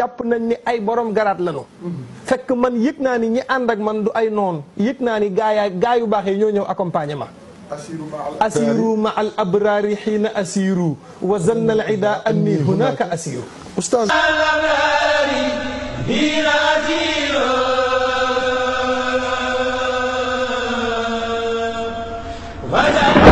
jàpp nañ ni ay borom garaat lañu fekk man yëg naa ni ñi ànd ak man du ay noonu yëg naa ni gaayaay gaa yu baax yi ñoo ñëw accompagnement asiru ma al abrari xiina asiru wa zanna al ida anni hunaka asiru ustaz Vai dar!